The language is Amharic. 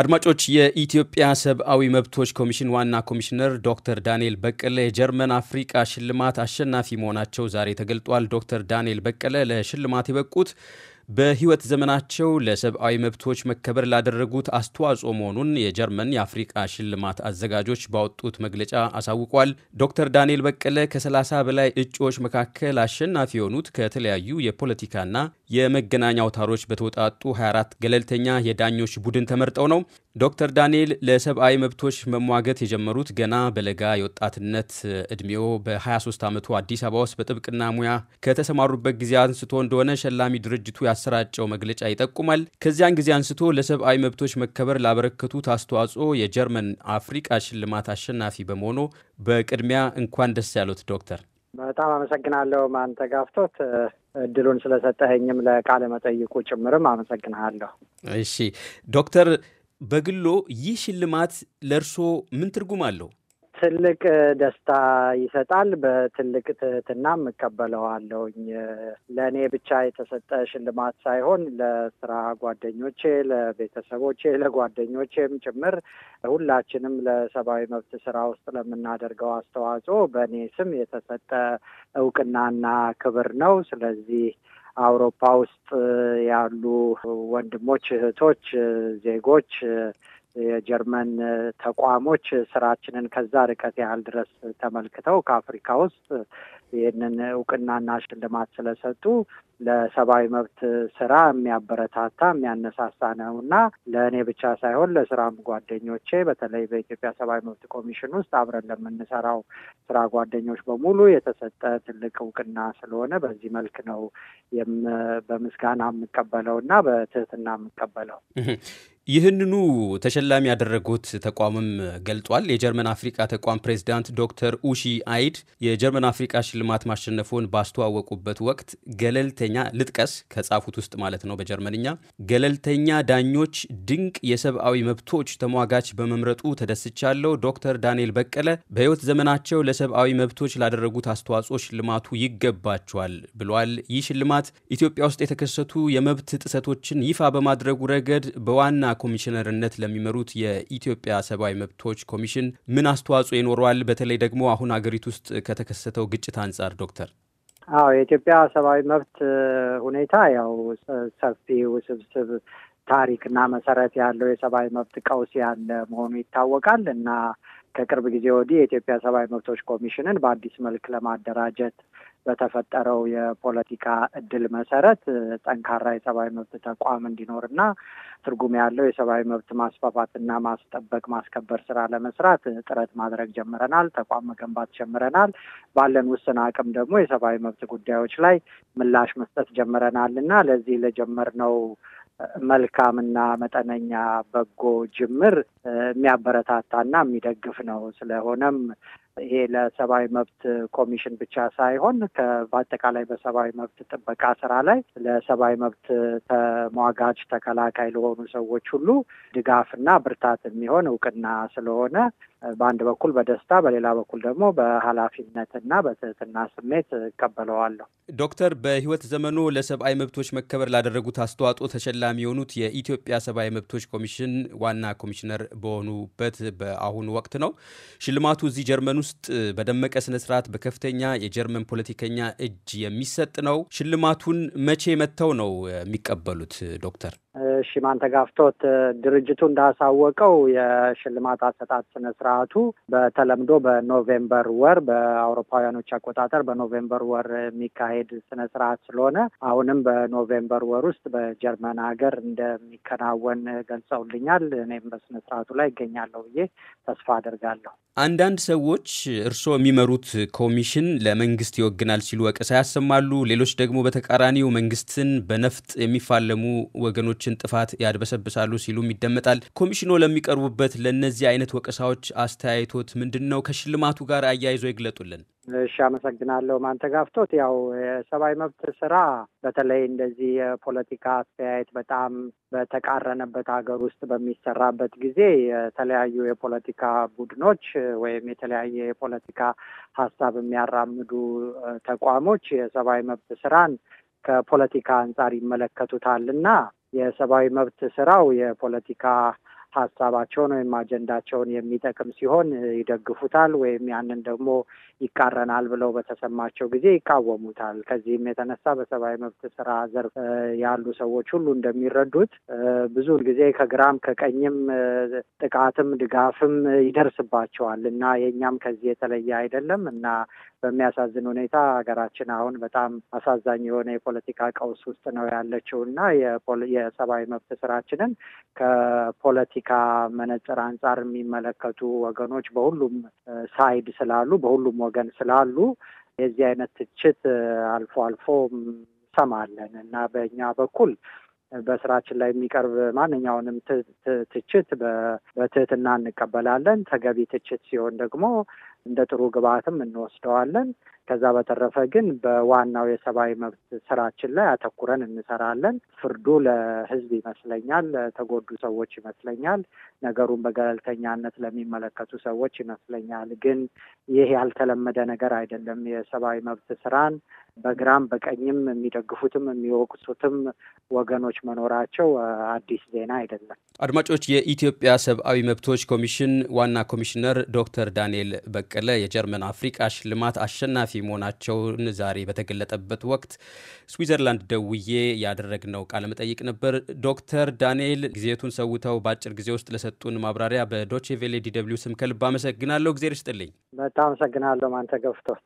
አድማጮች የኢትዮጵያ ሰብአዊ መብቶች ኮሚሽን ዋና ኮሚሽነር ዶክተር ዳንኤል በቀለ የጀርመን አፍሪቃ ሽልማት አሸናፊ መሆናቸው ዛሬ ተገልጧል። ዶክተር ዳንኤል በቀለ ለሽልማት የበቁት በህይወት ዘመናቸው ለሰብአዊ መብቶች መከበር ላደረጉት አስተዋጽኦ መሆኑን የጀርመን የአፍሪቃ ሽልማት አዘጋጆች ባወጡት መግለጫ አሳውቋል። ዶክተር ዳንኤል በቀለ ከ30 በላይ እጩዎች መካከል አሸናፊ የሆኑት ከተለያዩ የፖለቲካና የመገናኛ አውታሮች በተውጣጡ 24 ገለልተኛ የዳኞች ቡድን ተመርጠው ነው። ዶክተር ዳንኤል ለሰብአዊ መብቶች መሟገት የጀመሩት ገና በለጋ የወጣትነት እድሜው በ23 ዓመቱ አዲስ አበባ ውስጥ በጥብቅና ሙያ ከተሰማሩበት ጊዜ አንስቶ እንደሆነ ሸላሚ ድርጅቱ ባሰራጨው መግለጫ ይጠቁማል። ከዚያን ጊዜ አንስቶ ለሰብአዊ መብቶች መከበር ላበረከቱት አስተዋጽኦ የጀርመን አፍሪቃ ሽልማት አሸናፊ በመሆኑ በቅድሚያ እንኳን ደስ ያሉት ዶክተር። በጣም አመሰግናለሁ ማንተጋፍቶት እድሉን ስለሰጠኸኝም ለቃለ መጠይቁ ጭምርም አመሰግናለሁ። እሺ ዶክተር በግሎ ይህ ሽልማት ለእርስዎ ምን ትርጉም አለው? ትልቅ ደስታ ይሰጣል። በትልቅ ትህትና እቀበለዋለሁኝ። ለእኔ ብቻ የተሰጠ ሽልማት ሳይሆን ለስራ ጓደኞቼ፣ ለቤተሰቦቼ፣ ለጓደኞቼም ጭምር ሁላችንም ለሰብአዊ መብት ስራ ውስጥ ለምናደርገው አስተዋጽኦ በእኔ ስም የተሰጠ እውቅናና ክብር ነው። ስለዚህ አውሮፓ ውስጥ ያሉ ወንድሞች፣ እህቶች፣ ዜጎች የጀርመን ተቋሞች ስራችንን ከዛ ርቀት ያህል ድረስ ተመልክተው ከአፍሪካ ውስጥ ይህንን እውቅናና ሽልማት ስለሰጡ ለሰብአዊ መብት ስራ የሚያበረታታ የሚያነሳሳ ነው እና ለእኔ ብቻ ሳይሆን ለስራም ጓደኞቼ በተለይ በኢትዮጵያ ሰብአዊ መብት ኮሚሽን ውስጥ አብረን ለምንሰራው ስራ ጓደኞች በሙሉ የተሰጠ ትልቅ እውቅና ስለሆነ በዚህ መልክ ነው በምስጋና የምቀበለው እና በትህትና የምቀበለው። ይህንኑ ተሸላሚ ያደረጉት ተቋምም ገልጧል። የጀርመን አፍሪቃ ተቋም ፕሬዚዳንት ዶክተር ኡሺ አይድ የጀርመን አፍሪቃ ሽልማት ማሸነፉን ባስተዋወቁበት ወቅት ገለልተኛ ልጥቀስ ከጻፉት ውስጥ ማለት ነው በጀርመንኛ ገለልተኛ ዳኞች ድንቅ የሰብአዊ መብቶች ተሟጋች በመምረጡ ተደስቻለሁ። ዶክተር ዳንኤል በቀለ በህይወት ዘመናቸው ለሰብአዊ መብቶች ላደረጉት አስተዋጽኦ ሽልማቱ ይገባቸዋል ብሏል። ይህ ሽልማት ኢትዮጵያ ውስጥ የተከሰቱ የመብት ጥሰቶችን ይፋ በማድረጉ ረገድ በዋና ኮሚሽነርነት ለሚመሩት የኢትዮጵያ ሰብአዊ መብቶች ኮሚሽን ምን አስተዋጽኦ ይኖረዋል? በተለይ ደግሞ አሁን አገሪቱ ውስጥ ከተከሰተው ግጭት አንጻር ዶክተር። አዎ የኢትዮጵያ ሰብአዊ መብት ሁኔታ ያው ሰፊ ውስብስብ ታሪክና መሰረት ያለው የሰብአዊ መብት ቀውስ ያለ መሆኑ ይታወቃል እና ከቅርብ ጊዜ ወዲህ የኢትዮጵያ ሰብአዊ መብቶች ኮሚሽንን በአዲስ መልክ ለማደራጀት በተፈጠረው የፖለቲካ እድል መሰረት ጠንካራ የሰብአዊ መብት ተቋም እንዲኖርና ትርጉም ያለው የሰብአዊ መብት ማስፋፋትና ማስጠበቅ ማስከበር ስራ ለመስራት ጥረት ማድረግ ጀምረናል። ተቋም መገንባት ጀምረናል። ባለን ውስን አቅም ደግሞ የሰብአዊ መብት ጉዳዮች ላይ ምላሽ መስጠት ጀምረናል እና ለዚህ ለጀመርነው መልካምና መጠነኛ በጎ ጅምር የሚያበረታታና የሚደግፍ ነው። ስለሆነም ይሄ ለሰብአዊ መብት ኮሚሽን ብቻ ሳይሆን በአጠቃላይ በሰብአዊ መብት ጥበቃ ስራ ላይ ለሰብአዊ መብት ተሟጋች ተከላካይ ለሆኑ ሰዎች ሁሉ ድጋፍና ብርታት የሚሆን እውቅና ስለሆነ በአንድ በኩል በደስታ በሌላ በኩል ደግሞ በኃላፊነትና በትህትና ስሜት እቀበለዋለሁ። ዶክተር በህይወት ዘመኑ ለሰብአዊ መብቶች መከበር ላደረጉት አስተዋጽኦ ተሸላሚ የሆኑት የኢትዮጵያ ሰብአዊ መብቶች ኮሚሽን ዋና ኮሚሽነር በሆኑበት በአሁኑ ወቅት ነው። ሽልማቱ እዚህ ጀርመን ውስጥ በደመቀ ስነስርዓት በከፍተኛ የጀርመን ፖለቲከኛ እጅ የሚሰጥ ነው። ሽልማቱን መቼ መጥተው ነው የሚቀበሉት ዶክተር? ሽማን ተጋፍቶት ድርጅቱ እንዳሳወቀው የሽልማት አሰጣጥ ስነ ስርዓቱ በተለምዶ በኖቬምበር ወር በአውሮፓውያኖች አቆጣጠር በኖቬምበር ወር የሚካሄድ ስነ ስርዓት ስለሆነ አሁንም በኖቬምበር ወር ውስጥ በጀርመን ሀገር እንደሚከናወን ገልጸውልኛል። እኔም በስነ ስርዓቱ ላይ ይገኛለሁ ብዬ ተስፋ አደርጋለሁ። አንዳንድ ሰዎች እርስዎ የሚመሩት ኮሚሽን ለመንግስት ይወግናል ሲሉ ወቀሳ ያሰማሉ። ሌሎች ደግሞ በተቃራኒው መንግስትን በነፍጥ የሚፋለሙ ወገኖችን ጥፋት ያድበሰብሳሉ ሲሉም ይደመጣል። ኮሚሽኑ ለሚቀርቡበት ለእነዚህ አይነት ወቀሳዎች አስተያየቶት ምንድን ነው? ከሽልማቱ ጋር አያይዞ ይግለጡልን። እሺ፣ አመሰግናለሁ። ማንተጋፍቶት ያው የሰብአዊ መብት ስራ በተለይ እንደዚህ የፖለቲካ አስተያየት በጣም በተቃረነበት ሀገር ውስጥ በሚሰራበት ጊዜ የተለያዩ የፖለቲካ ቡድኖች ወይም የተለያየ የፖለቲካ ሀሳብ የሚያራምዱ ተቋሞች የሰብአዊ መብት ስራን ከፖለቲካ አንጻር ይመለከቱታል እና የሰብአዊ መብት ስራው የፖለቲካ ሀሳባቸውን ወይም አጀንዳቸውን የሚጠቅም ሲሆን ይደግፉታል፣ ወይም ያንን ደግሞ ይቃረናል ብለው በተሰማቸው ጊዜ ይቃወሙታል። ከዚህም የተነሳ በሰብአዊ መብት ስራ ዘርፍ ያሉ ሰዎች ሁሉ እንደሚረዱት ብዙውን ጊዜ ከግራም ከቀኝም ጥቃትም ድጋፍም ይደርስባቸዋል እና የእኛም ከዚህ የተለየ አይደለም እና በሚያሳዝን ሁኔታ ሀገራችን አሁን በጣም አሳዛኝ የሆነ የፖለቲካ ቀውስ ውስጥ ነው ያለችው እና የሰብአዊ መብት ስራችንን ከፖለቲ ከፖለቲካ መነጽር አንጻር የሚመለከቱ ወገኖች በሁሉም ሳይድ ስላሉ በሁሉም ወገን ስላሉ የዚህ አይነት ትችት አልፎ አልፎ ሰማለን እና በእኛ በኩል በስራችን ላይ የሚቀርብ ማንኛውንም ትችት በትህትና እንቀበላለን። ተገቢ ትችት ሲሆን ደግሞ እንደ ጥሩ ግብዓትም እንወስደዋለን። ከዛ በተረፈ ግን በዋናው የሰብአዊ መብት ስራችን ላይ አተኩረን እንሰራለን። ፍርዱ ለህዝብ ይመስለኛል፣ ለተጎዱ ሰዎች ይመስለኛል፣ ነገሩን በገለልተኛነት ለሚመለከቱ ሰዎች ይመስለኛል። ግን ይህ ያልተለመደ ነገር አይደለም። የሰብአዊ መብት ስራን በግራም በቀኝም የሚደግፉትም የሚወቅሱትም ወገኖች መኖራቸው አዲስ ዜና አይደለም። አድማጮች፣ የኢትዮጵያ ሰብአዊ መብቶች ኮሚሽን ዋና ኮሚሽነር ዶክተር ዳንኤል በቀ በቀለ የጀርመን አፍሪቃ ሽልማት አሸናፊ መሆናቸውን ዛሬ በተገለጠበት ወቅት ስዊዘርላንድ ደውዬ ያደረግነው ቃለመጠይቅ ነበር። ዶክተር ዳንኤል ጊዜቱን ሰውተው በአጭር ጊዜ ውስጥ ለሰጡን ማብራሪያ በዶቼ ቬሌ ዲ ደብልዩ ስም ከልብ አመሰግናለሁ። እግዜር ይስጥልኝ። በጣም አመሰግናለሁ። ማንተ ገፍቶ